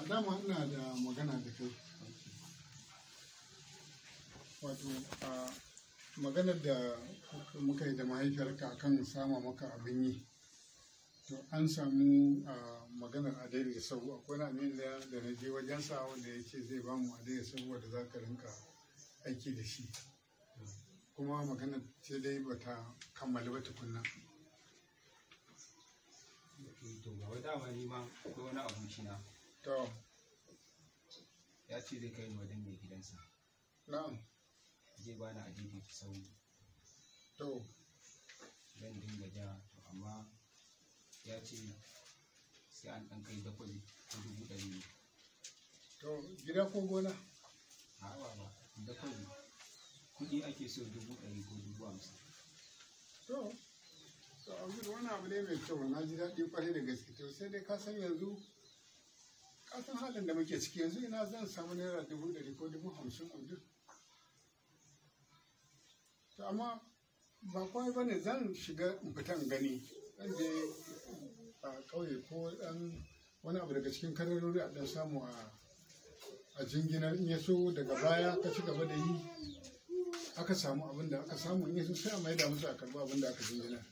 a dama ina da magana da kai wato a maganar da muka yi da mahaifiyarka akan sama maka abin yi to an samu a maganar da sau akwai na min da na je sa wanda ya ce zai bamu adaidai sau wanda za ka rinka aiki da shi kuma maganar ce dai bata kammala ba tukunna to ga wata ma ko wani abu na to ya ce zai kai wajen mai gidansa na'am zai ba na adidi ta to zan dinga ja to amma ya ce sai an ɗan kai dakwai ta dubu ɗari ne. to gida ko gona a'a ba dakwai kuɗi ake so dubu ɗari ko dubu hamsin to to abu wani abu ne mai kyau na ji daɗi ƙwarai da gaske to sai dai ka san yanzu kasan halin da muke ciki yanzu ina zan samu naira dubu ɗari ko dubu hamsin a duk to amma ba kawai ba ne zan shiga in fitan gani zan je a ƙauye ko ɗan wani abu daga cikin kararori a ɗan samu a jinginar in yaso daga baya ka ci gaba da yi aka samu abin da aka samu in yaso sai a maida musu a karɓi abin da aka jinginar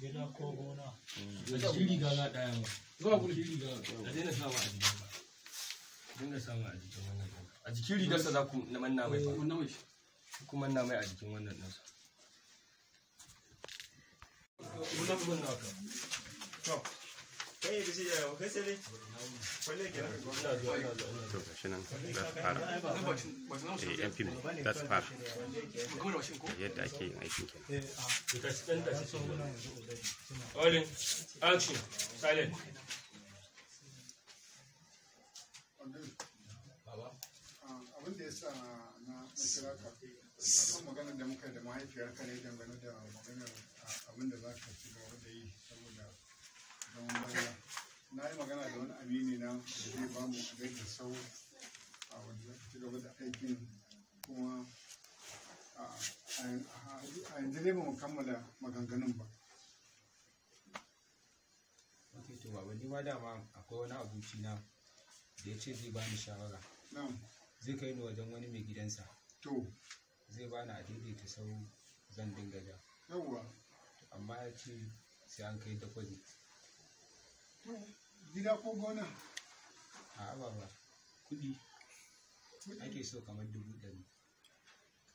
gida ko gona mm. a cikin riga za ma zuwa gudu shi a daina sawa a jikin ba dinga a jikin wannan ɗin a jikin rigarsa za ku manna mai ba eh, ku manna mai a jikin wannan ɗinsa kai da shi da kai sai dai kwalle eh, ne yadda ake yin aikin ke eh, ah. all in action silent ah, abin da ya sa na da ka kan maganar da muka da mahaifiyarka ne dangane da maganar ah, abin da za ka ci gaba da yi saboda na yi magana da wani amini na zai ba mu shigar da sau a wanda ci gaba da aikin kuma a yanzu ne ba mu kammala maganganun ba ok to ni ma dama akwai wani abuci na da ya ce zai ba ni shawara zai kai ni wajen wani mai gidansa to zai ba ni a daidaita sau zan dinga ja yawwa amma ya ce sai an kai da deposit gida ko gona a ababa kuɗi ake so kamar dubu ɗari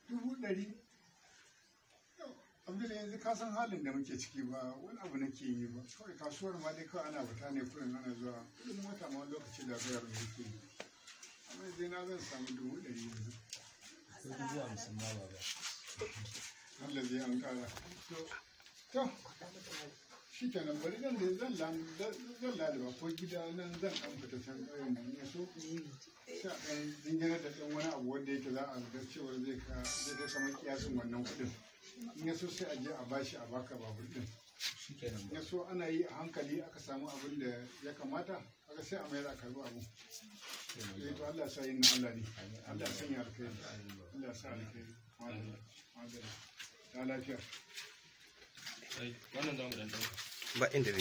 dubu ɗari abdul yanzu ka san halin da muke ciki ba wani abu nake yi ba kawai kasuwar ma dai kawai ana fita ne kudin ana zuwa kudin mota ma lokaci da bayar da yake yi amma yanzu na zan samu dubu ɗari yanzu ko dubu hamsin ma ba ba Allah zai an kara to shi kenan bari zan da zan zan lalaba ko gida nan zan an fita san ƙauyen da ne so sa ɗan da ɗan wani abu wanda yake za a ga cewa zai ka zai ka sama kiyasin wannan kuɗin in ya so sai a je a bashi a baka babur ɗin ya so ana yi a hankali aka samu abin da ya kamata aka sai a mayar a karɓi abu sai eh, to Allah sa yin Allah ne Allah sanya alkhairi Allah sa alkhairi ta lafiya ba inda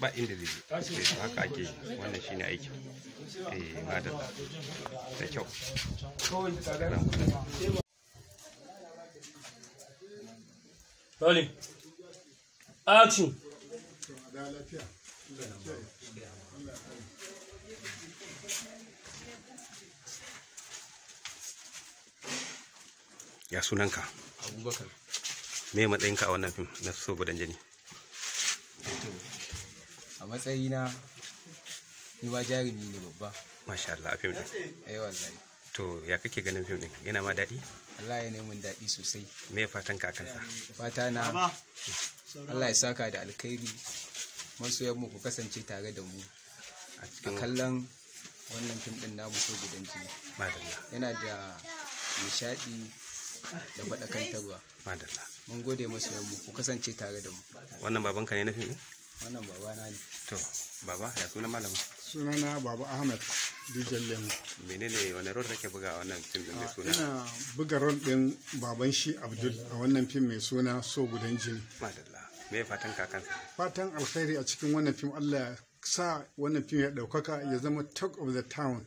ba inda zai je eh, haka ake wannan shine aiki eh madalla da kyau Rolling. Action. ya sunanka abubakar me matsayinka a wannan fim na so gudan jini a matsayina ni ba jarumi ne babba masha Allah a fim din eh wallahi to ya kake ganin fim din yana ma daɗi Allah ya nemi daɗi sosai me fatan ka kansa fata na Allah ya saka da alkhairi masoyan mu ku kasance tare da mu a cikin kallon wannan fim din namu so gudan jini madalla yana da nishadi da faɗakantarwa madalla mun gode masu mu, ku kasance tare da mu wannan baban ka ne na fi wannan na ne to baba ya suna Suna na baba ahmed dijan lemu menene wani rol ke buga a wannan fim din mai suna ina buga rol din baban shi abdul a wannan fim mai suna so gudan jini madalla me fatan kakan fatan alkhairi a cikin wannan fim Allah ya sa wannan fim ya daukaka ya zama talk of the town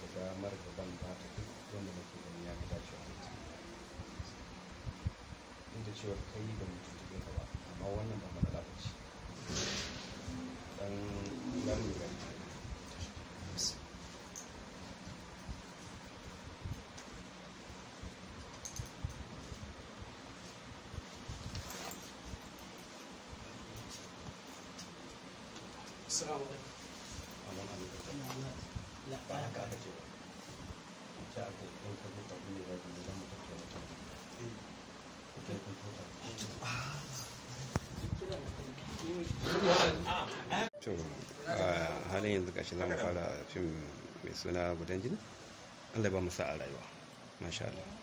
da damar da ban ba ta duk wanda nake gani ya fi dacewa da ita duk da cewa kai da mutum tuɓe ka ba amma wannan ba mana ba ce dan lamu ga Assalamu alaikum. halin yanzu gashi zamu mu fara fim mai suna gudan jini allah ba mu sa a rayuwa masha Allah